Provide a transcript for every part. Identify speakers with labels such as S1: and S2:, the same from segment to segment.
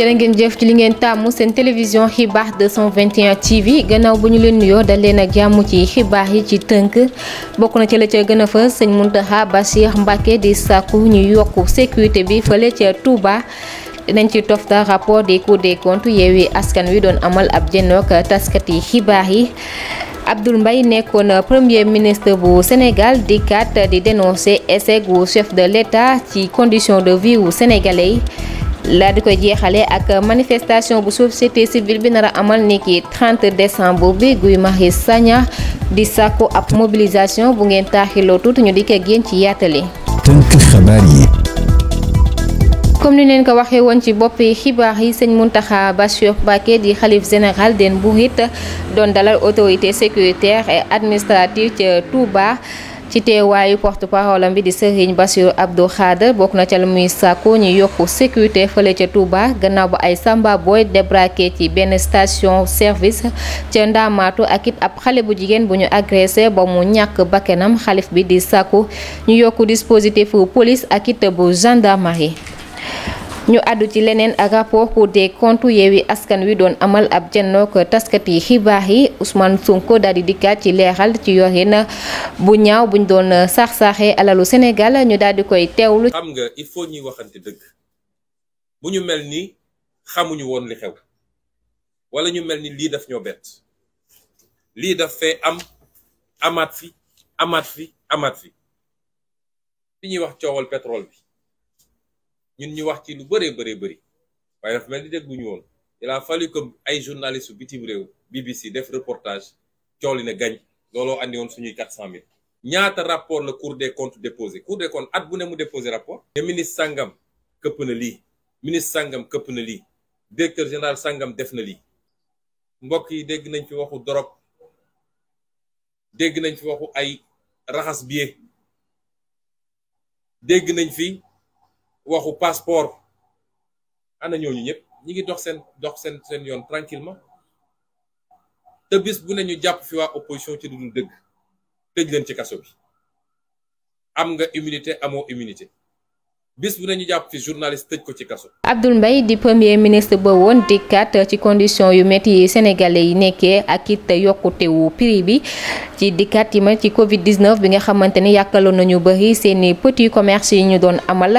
S1: jërë ngeen jëf ci li ngeen tàmmu seen télévision xibaar 221 TV gannaaw bu ñu leen nuyoo dal leen ak jàmm ci xibaar yi ci tënk bokk na ci la ca gëna fa fës sëñ Mountakha Bachir Mbacké di sàkku ñu yokk sécurité bi fële ca Touba. dinañ ci tofta rapport des Cour des comptes Yewwi Askan Wi doon amal ab jënook taskat yi xibaar yi. Abdoul Mbaye nekkoon premier ministre bu Sénégal di kat di dénoncer échec gu chef de l'État ci condition de vie wu sénégalais la di koy ak manifestation bu société civile bi nara amal amal niki 30 décembre bi Guy Marius Sagna di sako mobilisation bu ngeen taxilo tout ñu di ko gën ci comme ni leen ko waxee woon ci boppi xibaar yi sëñ Mountakha Bassirou Mbacké di xalif général den Mouride doon dalal autorité sécuritaire et administrative ca Touba ci teewaayu porte parole am bi di Serigne Bassirou Abdou Khadre bokk na ca la muy sàkku ñu yokku sécurité fële ca Touba gannaaw ba ay samba booy débraqué ci benn station service ca Ndamaatu ak it ab xale bu jigéen bu ñu agressé ba mu ñàkk bakkanam xalif bi di sàkku ñu yokku dispositif police ak bu gendarmerie. ñu àddu ci leneen ak rapport Cour des comptes Askan Wi doon amal ab jannook taskati xibaar yi Ousmane Sonko daal di dikkaat ci leeral ci yorin bu ñaaw buñ doon saax-saaxee alalu senegal ñu daal di koy teewlu. xam
S2: nga il faut ñuy waxante dëgg bu ñu mel ni xamuñu woon li xew wala ñu mel ni lii daf ñoo bett lii daf fee am amaat fi amaat fi amaat fi fi ñuy wax coowal pétrole bi. ñun ñu wax ci lu bëree bëree bari waaye dafa mel ni dégguñu woon il a fallu que ay journalistes bitim réew BBC def reportage coow li na gañ looloo andi woon suñuy quatre cent mille ñaata rapport la cour des comptes déposé cour des comptes at bu ne mu déposé rapport te ministre sangam këpp na lii ministre sangam këpp na lii directeur général sangam def na lii mbokk yi dégg nañ fi waxu dorop dégg nañ fi waxu ay raxas biye dégg nañ fi waxu passeport ana ñooñu ñëpp ñi ngi dox seen dox seen seen yoon tranquillement te bis bu ne ñu jàpp fi waa opposition ci dudul dëgg tëj leen ci kaso bi am nga immunité amoo immunité bis bu nañu jàpp fi journaliste tëj ko ci
S1: kaso. Abdoul Mbaye di premier ministre ba woon dikkaat ci condition yu métti yi sénégalais yi nekkee ak it yokkute prix bi ci dikkaat yi ma ci Covid 19 bi nga xamante ni na ñu bëri seeni petits commerces yi ñu doon amal.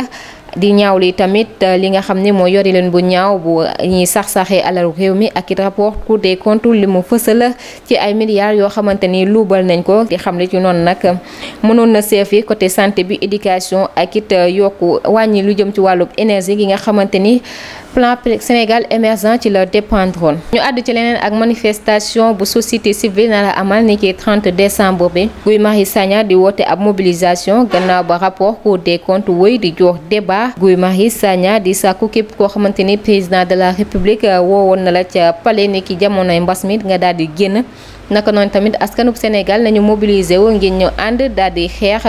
S1: di ñaaw ñaawlu tamit euh, li nga xam ne moo yori leen bu ñaaw bu euh, ñuy sax-saxee alal réew mi ak it rapport Cour des comptes li mu fësal ci ay milliards yoo xamante ni luubal nañ ko di xam ne ci noonu nag mënoon na seef yi côté santé bi éducation ak it euh, yokku wàññi lu jëm ci wàllub énergie gi nga xamante ni plan Sénégal émergent ci la dépendroon ñu àddu ci leneen ak manifestation bu société civile na la amal ni ki 30 décembre bi Guy Marius Sagna di woote ab mobilisation gannaaw ba rapport Cour des comptes wëy di Touba Guy Marius Sagna di sàkku képp koo xamante ni de la république euh, woowoon na la ca palais ni ki jamonoy mbas mi nga daal di génn naka noonu tamit askanub Sénégal nañu mobiliser wu ñu ànd daal di xeex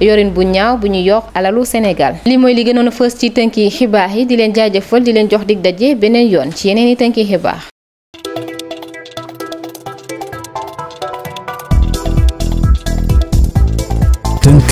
S1: yorin bu ñaaw bu ñu yor alalu Sénégal. li mooy li gënoon a fës ci tënki xibaar yi di leen jaajëfal di leen jox dig daje beneen yoon ci yeneen i tënki xibaar.